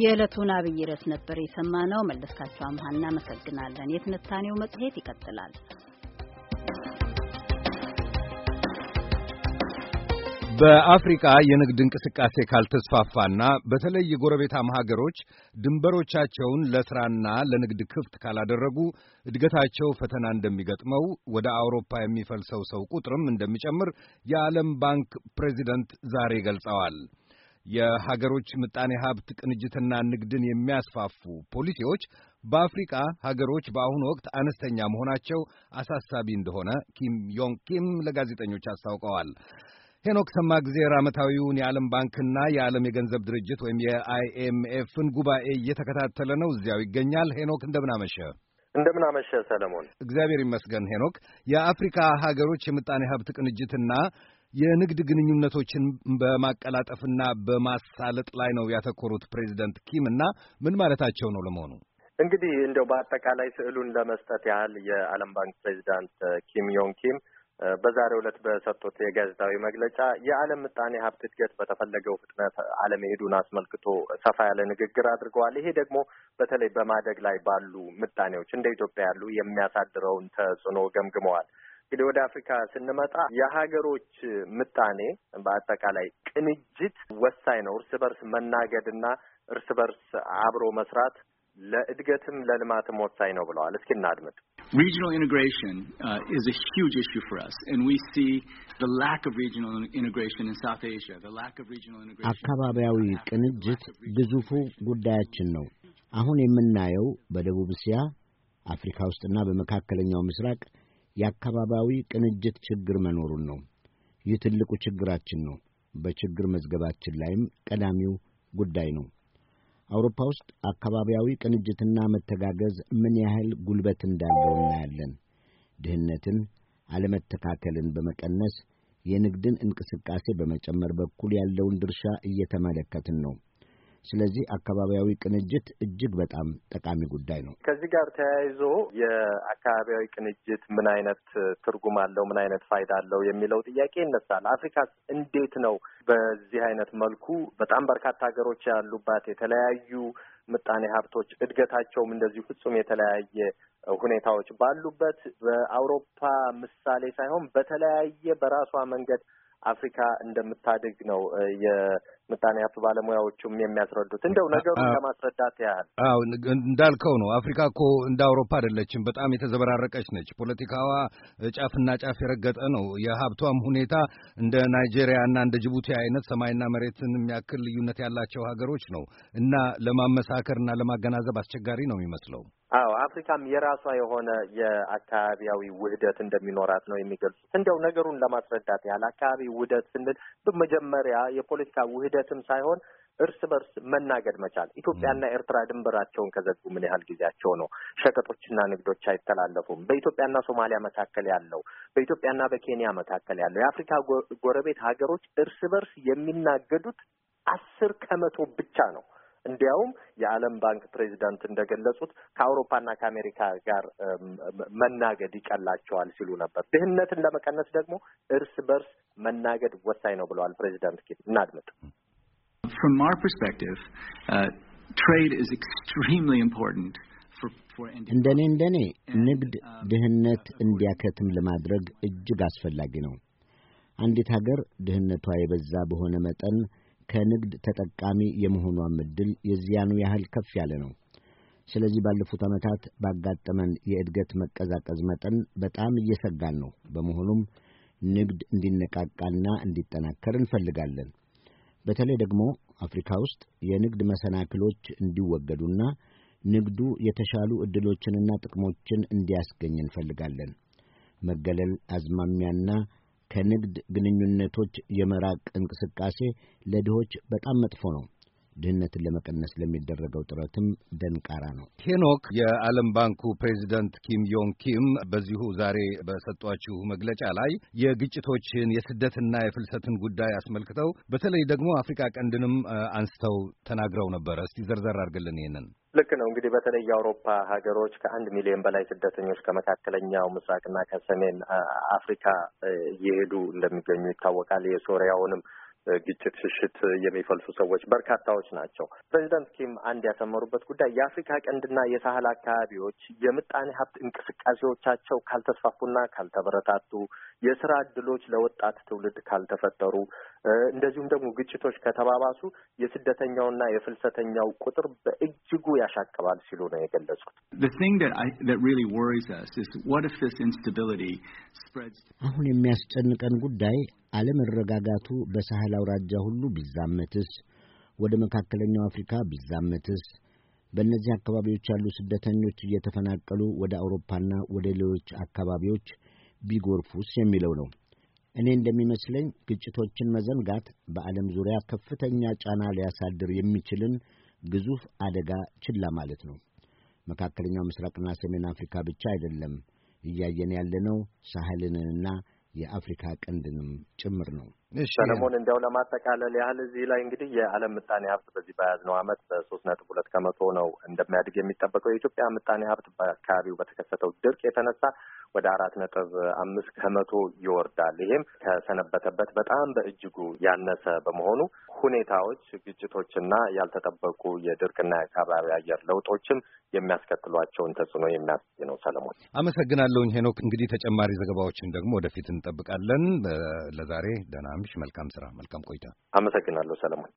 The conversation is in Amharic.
የዕለቱን አብይ ርዕስ ነበር የሰማነው። መለስካቸው አምሃ እናመሰግናለን። የትንታኔው መጽሔት ይቀጥላል። በአፍሪካ የንግድ እንቅስቃሴ ካልተስፋፋና በተለይ የጎረቤታማ ሀገሮች ድንበሮቻቸውን ለሥራና ለንግድ ክፍት ካላደረጉ እድገታቸው ፈተና እንደሚገጥመው፣ ወደ አውሮፓ የሚፈልሰው ሰው ቁጥርም እንደሚጨምር የዓለም ባንክ ፕሬዚደንት ዛሬ ገልጸዋል። የሀገሮች ምጣኔ ሀብት ቅንጅትና ንግድን የሚያስፋፉ ፖሊሲዎች በአፍሪቃ ሀገሮች በአሁኑ ወቅት አነስተኛ መሆናቸው አሳሳቢ እንደሆነ ኪም ዮንግ ኪም ለጋዜጠኞች አስታውቀዋል። ሄኖክ ጊዜር ዓመታዊውን የዓለም ባንክና የዓለም የገንዘብ ድርጅት ወይም የአይኤምኤፍን ጉባኤ እየተከታተለ ነው። እዚያው ይገኛል። ሄኖክ እንደምናመሸ እንደምናመሸ ሰለሞን። እግዚአብሔር ይመስገን ሄኖክ። የአፍሪካ ሀገሮች የምጣኔ ሀብት ቅንጅትና የንግድ ግንኙነቶችን በማቀላጠፍና በማሳለጥ ላይ ነው ያተኮሩት ፕሬዚደንት ኪም እና ምን ማለታቸው ነው ለመሆኑ? እንግዲህ እንደው በአጠቃላይ ስዕሉን ለመስጠት ያህል የዓለም ባንክ ፕሬዚዳንት ኪም ዮንግ ኪም በዛሬው ዕለት በሰጡት የጋዜጣዊ መግለጫ የዓለም ምጣኔ ሀብት እድገት በተፈለገው ፍጥነት አለመሄዱን አስመልክቶ ሰፋ ያለ ንግግር አድርገዋል። ይሄ ደግሞ በተለይ በማደግ ላይ ባሉ ምጣኔዎች እንደ ኢትዮጵያ ያሉ የሚያሳድረውን ተጽዕኖ ገምግመዋል። እንግዲህ ወደ አፍሪካ ስንመጣ የሀገሮች ምጣኔ በአጠቃላይ ቅንጅት ወሳኝ ነው። እርስ በርስ መናገድና እርስ በርስ አብሮ መስራት ለእድገትም ለልማትም ወሳኝ ነው ብለዋል። እስኪ እናድምጥ። Regional integration uh, is a huge issue for us, and we see the lack of regional integration in South Asia, the lack of regional integration... አካባቢያዊ ቅንጅት ግዙፉ ጉዳያችን ነው። አሁን የምናየው በደቡብ እስያ፣ አፍሪካ ውስጥና በመካከለኛው ምስራቅ የአካባቢያዊ ቅንጅት ችግር መኖሩን ነው። ይህ ትልቁ ችግራችን ነው። በችግር መዝገባችን ላይም ቀዳሚው ጉዳይ ነው። አውሮፓ ውስጥ አካባቢያዊ ቅንጅትና መተጋገዝ ምን ያህል ጉልበት እንዳለው እናያለን። ድህነትን፣ አለመተካከልን በመቀነስ የንግድን እንቅስቃሴ በመጨመር በኩል ያለውን ድርሻ እየተመለከትን ነው። ስለዚህ አካባቢያዊ ቅንጅት እጅግ በጣም ጠቃሚ ጉዳይ ነው። ከዚህ ጋር ተያይዞ የአካባቢያዊ ቅንጅት ምን አይነት ትርጉም አለው፣ ምን አይነት ፋይዳ አለው የሚለው ጥያቄ ይነሳል። አፍሪካ እንዴት ነው በዚህ አይነት መልኩ በጣም በርካታ ሀገሮች ያሉባት የተለያዩ ምጣኔ ሀብቶች እድገታቸውም እንደዚሁ ፍጹም የተለያየ ሁኔታዎች ባሉበት በአውሮፓ ምሳሌ ሳይሆን በተለያየ በራሷ መንገድ አፍሪካ እንደምታድግ ነው ምጣኔ ሀብት ባለሙያዎቹም የሚያስረዱት እንደው ነገሩን ለማስረዳት ያህል። አዎ እንዳልከው ነው። አፍሪካ እኮ እንደ አውሮፓ አይደለችም። በጣም የተዘበራረቀች ነች። ፖለቲካዋ ጫፍና ጫፍ የረገጠ ነው። የሀብቷም ሁኔታ እንደ እና እንደ ጅቡቲ አይነት ሰማይና መሬትን የሚያክል ልዩነት ያላቸው ሀገሮች ነው እና ለማመሳከርና ለማገናዘብ አስቸጋሪ ነው የሚመስለው። አዎ አፍሪካም የራሷ የሆነ የአካባቢያዊ ውህደት እንደሚኖራት ነው የሚገልጹት። እንዲያው ነገሩን ለማስረዳት ያህል አካባቢ ውህደት ስንል መጀመሪያ የፖለቲካ ውህደትም ሳይሆን እርስ በርስ መናገድ መቻል። ኢትዮጵያና ኤርትራ ድንበራቸውን ከዘጉ ምን ያህል ጊዜያቸው ነው? ሸቀጦችና ንግዶች አይተላለፉም። በኢትዮጵያና ሶማሊያ መካከል ያለው፣ በኢትዮጵያና በኬንያ መካከል ያለው የአፍሪካ ጎረቤት ሀገሮች እርስ በርስ የሚናገዱት አስር ከመቶ ብቻ ነው። እንዲያውም የዓለም ባንክ ፕሬዚዳንት እንደገለጹት ከአውሮፓና ከአሜሪካ ጋር መናገድ ይቀላቸዋል ሲሉ ነበር። ድህነትን ለመቀነስ ደግሞ እርስ በርስ መናገድ ወሳኝ ነው ብለዋል ፕሬዚዳንት ኪም። እናድምጥ። From our perspective, uh, trade is extremely important. እንደኔ uh, ንግድ ድህነት እንዲያከትም ለማድረግ እጅግ አስፈላጊ ነው። አንዲት ሀገር ድህነቷ የበዛ በሆነ መጠን ከንግድ ተጠቃሚ የመሆኗም ዕድል የዚያኑ ያህል ከፍ ያለ ነው። ስለዚህ ባለፉት ዓመታት ባጋጠመን የእድገት መቀዛቀዝ መጠን በጣም እየሰጋን ነው። በመሆኑም ንግድ እንዲነቃቃና እንዲጠናከር እንፈልጋለን። በተለይ ደግሞ አፍሪካ ውስጥ የንግድ መሰናክሎች እንዲወገዱና ንግዱ የተሻሉ ዕድሎችንና ጥቅሞችን እንዲያስገኝ እንፈልጋለን። መገለል አዝማሚያና ከንግድ ግንኙነቶች የመራቅ እንቅስቃሴ ለድሆች በጣም መጥፎ ነው። ድህነትን ለመቀነስ ለሚደረገው ጥረትም ደንቃራ ነው። ሄኖክ፣ የዓለም ባንኩ ፕሬዚደንት ኪም ዮንግ ኪም በዚሁ ዛሬ በሰጧችሁ መግለጫ ላይ የግጭቶችን የስደትና የፍልሰትን ጉዳይ አስመልክተው በተለይ ደግሞ አፍሪካ ቀንድንም አንስተው ተናግረው ነበረ። እስቲ ዘርዘር አድርግልን ይህንን። ልክ ነው እንግዲህ በተለይ የአውሮፓ ሀገሮች ከአንድ ሚሊዮን በላይ ስደተኞች ከመካከለኛው ምስራቅና ከሰሜን አፍሪካ እየሄዱ እንደሚገኙ ይታወቃል። የሶሪያውንም ግጭት ሽሽት የሚፈልሱ ሰዎች በርካታዎች ናቸው። ፕሬዚደንት ኪም አንድ ያሰመሩበት ጉዳይ የአፍሪካ ቀንድና የሳህል አካባቢዎች የምጣኔ ሀብት እንቅስቃሴዎቻቸው ካልተስፋፉና ካልተበረታቱ፣ የስራ እድሎች ለወጣት ትውልድ ካልተፈጠሩ፣ እንደዚሁም ደግሞ ግጭቶች ከተባባሱ የስደተኛውና የፍልሰተኛው ቁጥር በእጅጉ ያሻቅባል ሲሉ ነው የገለጹት። አሁን የሚያስጨንቀን ጉዳይ አለመረጋጋቱ በሳህል አውራጃ ሁሉ ቢዛመትስ፣ ወደ መካከለኛው አፍሪካ ቢዛመትስ፣ በእነዚህ አካባቢዎች ያሉ ስደተኞች እየተፈናቀሉ ወደ አውሮፓና ወደ ሌሎች አካባቢዎች ቢጎርፉስ የሚለው ነው። እኔ እንደሚመስለኝ ግጭቶችን መዘንጋት በዓለም ዙሪያ ከፍተኛ ጫና ሊያሳድር የሚችልን ግዙፍ አደጋ ችላ ማለት ነው። መካከለኛው ምስራቅና ሰሜን አፍሪካ ብቻ አይደለም እያየን ያለነው ሳህልንና የአፍሪካ ቀንድንም ጭምር ነው። ሰለሞን፣ እንዲያው ለማጠቃለል ያህል እዚህ ላይ እንግዲህ የዓለም ምጣኔ ሀብት በዚህ በያዝነው ዓመት በሶስት ነጥብ ሁለት ከመቶ ነው እንደሚያድግ የሚጠበቀው። የኢትዮጵያ ምጣኔ ሀብት በአካባቢው በተከሰተው ድርቅ የተነሳ ወደ አራት ነጥብ አምስት ከመቶ ይወርዳል። ይሄም ከሰነበተበት በጣም በእጅጉ ያነሰ በመሆኑ ሁኔታዎች፣ ግጭቶችና ያልተጠበቁ የድርቅና የአካባቢ አየር ለውጦችም የሚያስከትሏቸውን ተጽዕኖ የሚያስይ ነው። ሰለሞን አመሰግናለሁኝ። ሄኖክ እንግዲህ ተጨማሪ ዘገባዎችን ደግሞ ወደፊት እንጠብቃለን። ለዛሬ ደህና መልካም ስራ፣ መልካም ቆይታ። አመሰግናለሁ ሰለሞን።